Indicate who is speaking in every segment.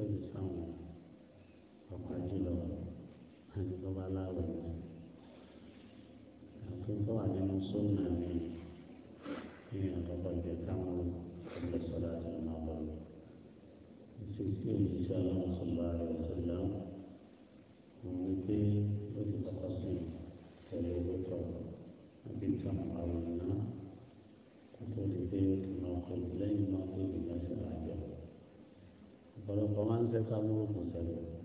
Speaker 1: sẹ́yìn sáwọn ọ̀pá jùlọ àti tó bá àti tó nínú sọ́nà. owó kò ṣẹlẹ̀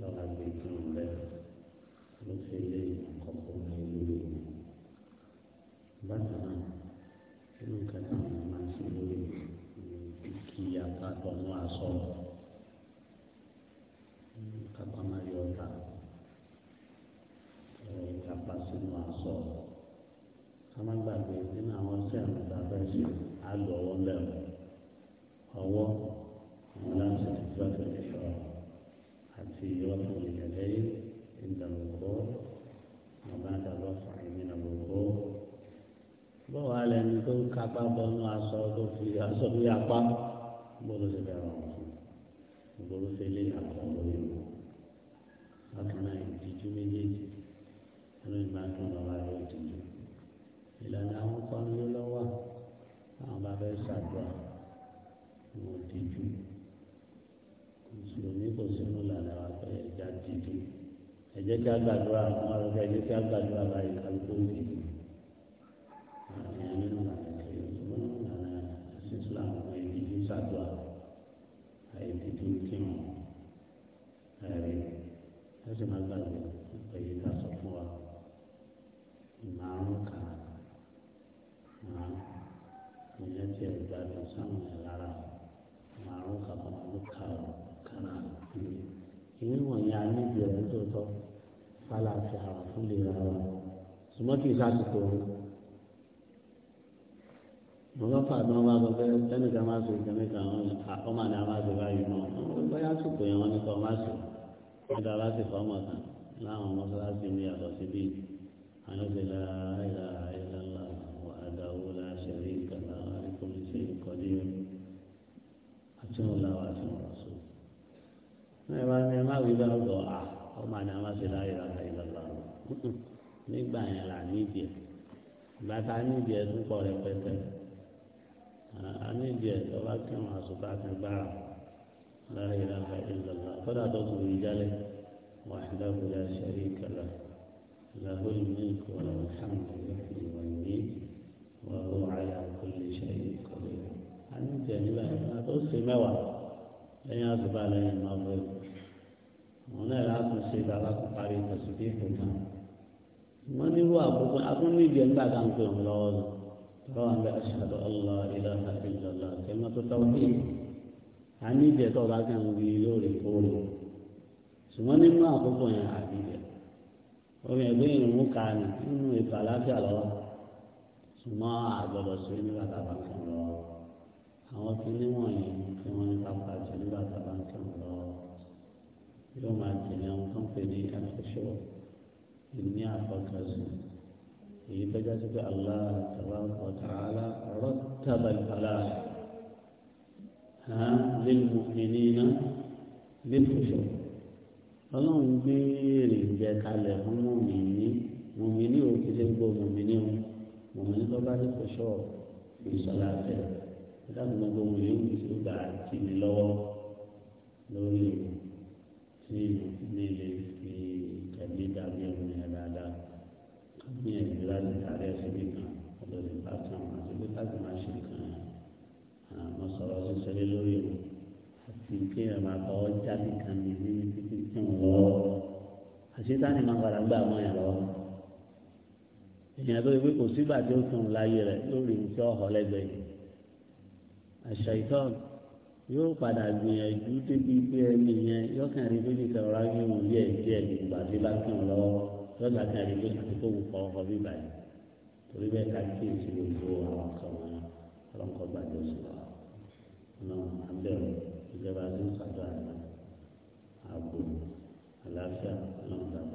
Speaker 1: lọ́la gbé ìdúró rẹ̀ ló ṣe ilé àkọ́kọ́ ní ìlú rẹ̀. Bákan náà, inú kẹta ni a máa ń ṣe lórí kí apátọ̀ mú aṣọ. Kápá máa yọ ọ̀tá. Kápá sínú aṣọ. Ká má gbàgbé nínú àwọn sẹ́ẹ̀mù tá a fẹ́ ṣe, á lọ ọwọ́ lẹ́wọ̀. Ọwọ́. إثبات الإحرام حتى رفع اليدين عند الوضوء وبعد الرفع من الوضوء بو على أن يكون كعبة بنو عصابه في عصابه يعبا بولو سبعه بولو سيلي عصابه يوم أكنا يتجو مجيج أنا يمكن الله يتجو إلا نعم قانون الله أما بيسا الله 我记住。dìde ẹ jẹ́ kí a gbàdúrà àwọn ọ̀rọ̀ ẹ jẹ́ kí a gbàdúrà báyìí kálukú ń dìde. ẹsẹ̀ máa gbàgbé èyí ká sọ fún wa ìmọ̀-àrún kan ìyẹn tí ẹ̀ gbàgbé sáwọn ẹ̀ lára ìmọ̀-àrún kan kan ló kà ó kára ìwé ìwé wọ̀nyí nídìí rẹ̀ tó tọ́ kálàfẹ́ àwọn fún lè ra wa ṣùgbọ́n kì í sásìkò wọn. mo bá fà bí wọ́n bá sọ pé ẹnìkan máa ṣe ìkẹ́nìkan àwọn ọmọ àná máa ṣe báyìí náà wọ́n bá sùpò yẹn wọ́n ní kọ́ máa ṣe nígbà bá sì fọ́ ọmọ kan láwọn ọmọ sọ́lá sí mi yàtọ̀ sí bíi àwọn ìṣẹ̀lẹ̀ ìlà nígbà yẹn là nídìí bàtà nídìí ẹ tún pọ̀ rẹpẹtẹ nídìí ẹ tó bá kí wọn àṣùbà kan gbára láàyè láàbà ìlọlá kódà tó tún yí jálẹ وحده لا شريك له له الملك وله الحمد يحيي ويميت وهو على كل شيء قدير àníjẹ nígbà yẹn tó sì mẹ́wàá lẹ́yìn àṣùbà lẹ́yìn máa bọ wọn náà náà wọ́n nírú àkókò akúnní ìjẹ́ ńgbà kan pé òun lọ́wọ́ lọ tọ́wọ́ àwọn bẹ́ẹ̀ ashhadu allah ilaha illallah kẹ́mọ́ tó tọ́wọ́ bí a ní ìjẹ́ tó bá kàn wí lóòrèkóòrè ṣùgbọ́n nínú àkókò yẹn àbí ìjẹ́ omi ẹ̀gbẹ́ ìrùn ká ní nínú ètò àlàáfíà lọ́wọ́ ṣùgbọ́n àgbọ̀dọ̀ sí nígbà tá a bá kàn lọ́wọ́ àwọn tó níwọ̀nyí tí wọ́n ní pápá jù nígbà tá a bá kàn lọ́wọ́ yóò máa jẹ̀lé àwọn tó ń pè ní ẹ̀fọ́ ṣọ́ọ̀ ìní àfọkànsìn èyí tọ́já sí pé Allah tabaraka wa ta'ala rattaba al-falah lil-mu'minina bil-khushu' ọlọ́run gbé èrìǹjẹ kalẹ̀ fún mọ̀mìnì mọ̀mìnì ò kí ṣe gbọ́ mọ̀mìnì o mọ̀mìnì tó bá ní kòṣọ́ ìṣọ̀lá tẹ̀ dáàbò gbogbo mọ̀mìnì ò kí ṣe gbà tì mí lọ́wọ́ lórí tí mi lè fi. ẹbí kan ọ̀dọ̀ lè bá tán àti pé láti máa ṣe nǹkan àwọn sọ̀rọ̀ sísẹ́lẹ̀ lórí o àti kí ẹ máa bọ́ jáde kan ní ní títí tí wọn lọ́wọ́ àṣetáni máa padà gbà mọ́ ẹ̀ lọ́wọ́ èèyàn tó wípé kò sígbà tí ó tún láyé rẹ̀ lórí iṣẹ́ ọ̀họ́ lẹ́gbẹ̀ẹ́ yìí àṣà ìtọ́ yóò padà gbìyànjú débi pé ẹni yẹn yóò kàn rí bébí kẹrọra yóò yẹ díẹ̀ nígbà tí bá tún lọ́wọ́ yóò rí bébí àti wù kọ́ ọkọ̀ bíbá yìí torí bẹ́ẹ̀ ká kí èsì gbogbo àwọn àkàwọn yẹn ọlọ́nkọ́ gbàgbé sí wa náà abẹ́rẹ́ ìjọba ti ń sàdó àná ààbò àlàáfíà ọlọ́nkọ́